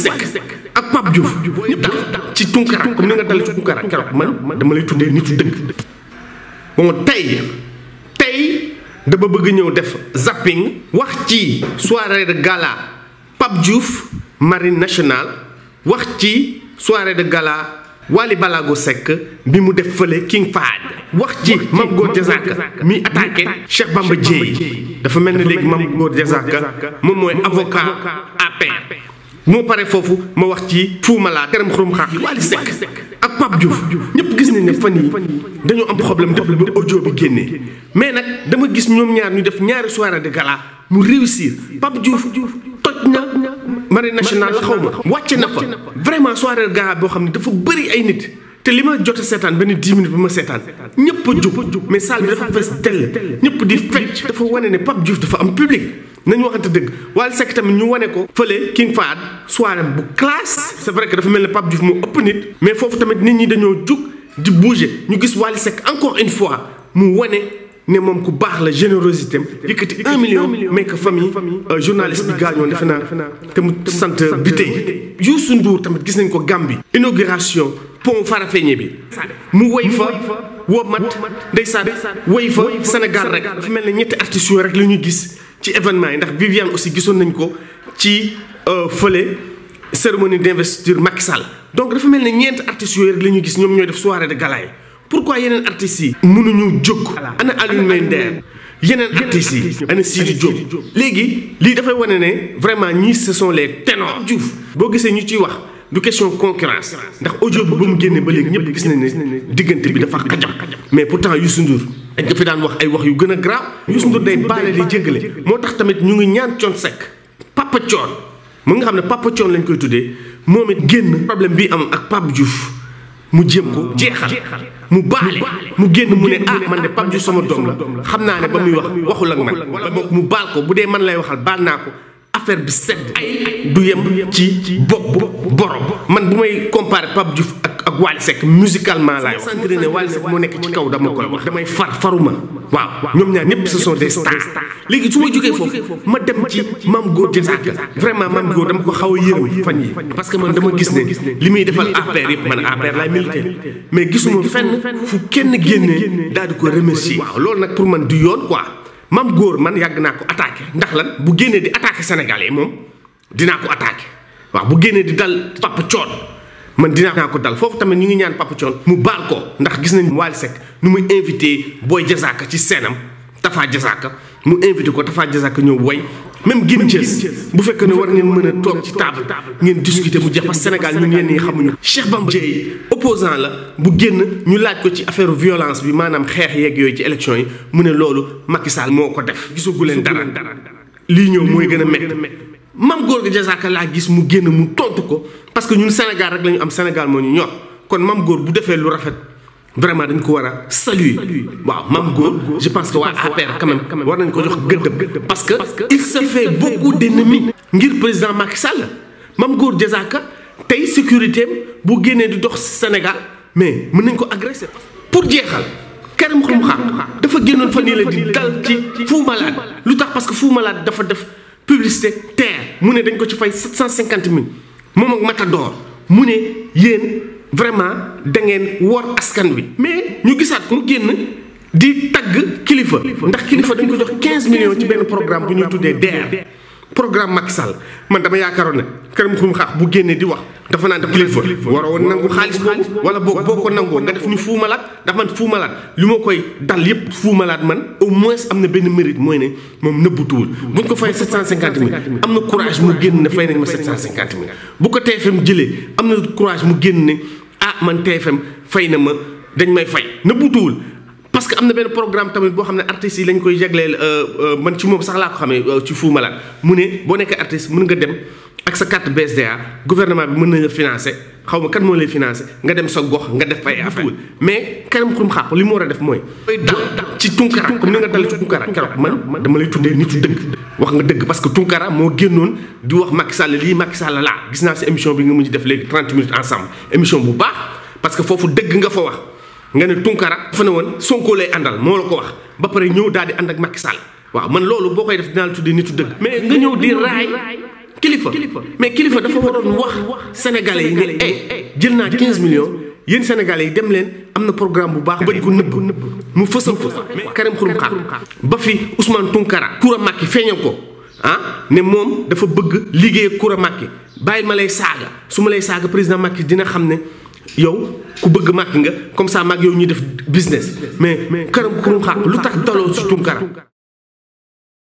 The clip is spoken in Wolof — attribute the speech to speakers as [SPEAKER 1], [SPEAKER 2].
[SPEAKER 1] Seck ak pap Diouf ñëpp daal ci Tunkara comme ni nga dal ci Tunkara keroog man dama lay tuddé nitu dëgg moom tay tey dama bëgg ñëw def zapping wax ci soirée de gala pap Diouf marine nationale wax ci soirée de gala wali Balago sec bi mu def fële King Fahd wax ci mam Goor Diazaka mi attaqué Cheikh Bamba Dièye dafa melni ni mam Mame Goor mom moy avocat APR moo pare foofu ma wax ci malade. teram xurum xaax Wally Seck ak Pape Diouf ñëpp gis nañ ne fan yi pas am problème def audio bi mais je dama gis ñoom ñaar ñu def ñaari soirée de gala mu réussir Pape Diouf toj na marine la xaw ma wàcce vraiment soirée de gala boo xam ne dafa bëri ay nit te li il jot a seetaan minutes que mais salle bi dafa di faut dafa ne Pape Diouf dafa am public nañu waxante dëgg Wally Seck tamit ñu wane ko fële King Fahd soirée bu classe c'est vrai que dafa mel ne Pape Diouf moo ëpp nit mais foofu tamit nit ñi dañoo jug di bouger ñu gis Wally Seck encore une fois mu wane ne moom ku baax la générosité am yëkkati un million mais que famille euh, journaliste bi gaañoo defe naa te mu sant bi tey Youssou Ndour tamit gis nañ ko Gambie inauguration pont Farafeñe bi mu woy fa woo mat ndeysaan woy fa Sénégal rek dafa mel ne ñetti artistes yooyu rek la ñuy gis ci événement yi ndax Viviane aussi gisoon nañ ko ci euh, fële cérémonie d'investiture Macky Sall donc dafa mel ne ñeenti artistes yooyu rek la ñu gis ñoom ñooy def soirée de gala yi pourquoi yeneen artistes yi. mënuñu jóg. ana Alioune Mbaye Nder yeneen artistes yi ana Sidi Diop. léegi lii dafay wane ne vraiment ñii ce sont les ténors. Diouf boo gisee ñu ciy wax du question concurrence ndax audio bi ba mu génnee ba léegi ñëpp gis nañ ne diggante bi dafa xajam mais pourtant Youssou Ndour dañ ko fi daan wax ay wax yu gën a grave Youssou Ndour day baale di jéggale moo tax tamit ñu ngi ñaan Thione Seck Papa Thione mu nga xam ne Papa Thione lañ koy tuddee moom it génn problème bi am ak Pape Diouf mu jéem ko jeexal mu baale mu génn mu ne ah man de Pape Diouf sama doom la xam naa ne ba muy wax waxul ak man wala boog mu baal ko bu dee man lay waxal baal naa ko affaire bi sedd ay du yem ci bopp borom man bu may comparer Pape Diouf ak ak Wally Seck musicalement laay wax sànq ne Wally Seck moo nekk ci kaw dama koy wax damay far faruma waaw ñoom ñaar ñëpp ce sont des stars léegi su ma jógee foofu ma dem ci Mame Gor Diazaka vraiment Mame Gor dama ko xaw a yërëm fan yi parce que man dama gis ne li muy defal APR yëpp man APR laay militaire mais gisuma fenn fu kenn génnee daal ko remercier waaw nag pour man du yoon mam góor man yàgg naa ko attaqué ndax lan bu génnee di attaqué Sénégalais yi moom dinaa ko attaqué waaw bu génnee di dal Papa Thion man dinaa ko dal foofu tamit ñu ngi ñaan Papa Thion mu baal ko ndax gis nañ Wally Seck nu muy invité booy Diazaka ci seenam Tafa Diazaka mu invité ko Tafa Diazaka ñëw woy même Guine Thiès bu fekkee ne war ngeen mën a toog ci table ngeen discuter mu jeex parce que Sénégal ñun yenn yi xamuñu Cheikh Bamba Dièye opposant la bu génn ñu laaj ko ci affaire violence bi maanaam xeex yeeg yooyu ci élection yi mu ne loolu Macky Sall moo ko def gisagu leen dara lii ñëw mooy gën a métti mam góor gi jasaaka laa gis mu génn mu tontu ko parce que ñun Sénégal rek la am Sénégal moo ñu ñor kon mam góor bu defee lu rafet vraiment dañ ko war a saluer waaw Mame Gor je pense que waa APR quand même war nañ ko jox gëddëm parce que il se fait beaucoup d'ennemis ngir président Macky Sall mam Gor Diazaka tey sécurité bu génnee di dox Sénégal mais mën nañ ko agresser pour jeexal Karim Xrum Xax dafa génnoon fa yii la di dal ci Fou Malade lu tax parce que Fou Malade dafa def publicité terre mu ne dañ ko ci fay 750 000 moom ak Matador mu ne yéen vraiment da woor wor askan wi mais ñu gisaat mu génn di tagg kilifa ndax kilifa dañ ko jox 15 millions ci benn programme bu ñuy tuddee DER programme Macky Sall man ne këram xurum xaax bu di wax dafa naan def kilifa xaalis boobu wala boo boo ko nangoo nga def ñu fuumalaat ndax man fuumalaat li ma koy dal man au moins am na benn mérite moom nëbbutuwul buñ ko fay 750 000 am na courage mu génn ne fay am na courage mu génn ne ah man TFM fey na ma dañ may fay nëbbutuwul parce que am na benn programme tamit boo xam ne artistes yi lañ koy jagleel euh, euh, man ci moom sax laa ko ne euh, ci Fou Malade mu ne boo nekkee artiste mën nga dem ak sa carte BSDA gouvernement bi mën na la financé xaw ma kan moo lay financer nga dem sa gox nga def fay affaire mais kanam xurum xàpp li mu war a def mooy. ci tunkara comme ni nga dal ci tunkara man dama lay tuddee nitu dëgg. wax nga dëgg parce que Tounkara moo génnoon di wax Macky Sall lii Macky Sall laa gis naa si émission bi nga mujj def léegi 30 minutes ensemble émission bu baax parce que foofu dëgg nga fa wax nga ne Tounkara dafa ne woon Sonko lay àndal moo la ko wax ba pare ñëw daal di ànd ak Macky Sall waaw man loolu boo koy def dinaa la tuddee nitu dëgg. mais nga ñëw di raay kilifa mais kilifa dafa waroon wax sénégalais yi ne eh jël naa 15 millions. yéen Sénégalais yi dem leen am na programme bu baax ba di ko nëbb mu fësal ko Karim Xurum Xax ba fi Ousmane Tunkara Koura màkki feeñal ko ah ne moom dafa bëgg liggéey Koura màkki bàyyi ma lay saaga su ma lay saaga président màkki dina xam ne yow ku bëgg màkki nga comme ça mag yow ñuy def business mais Karim Xurum Xax lu tax daloo si Tunkara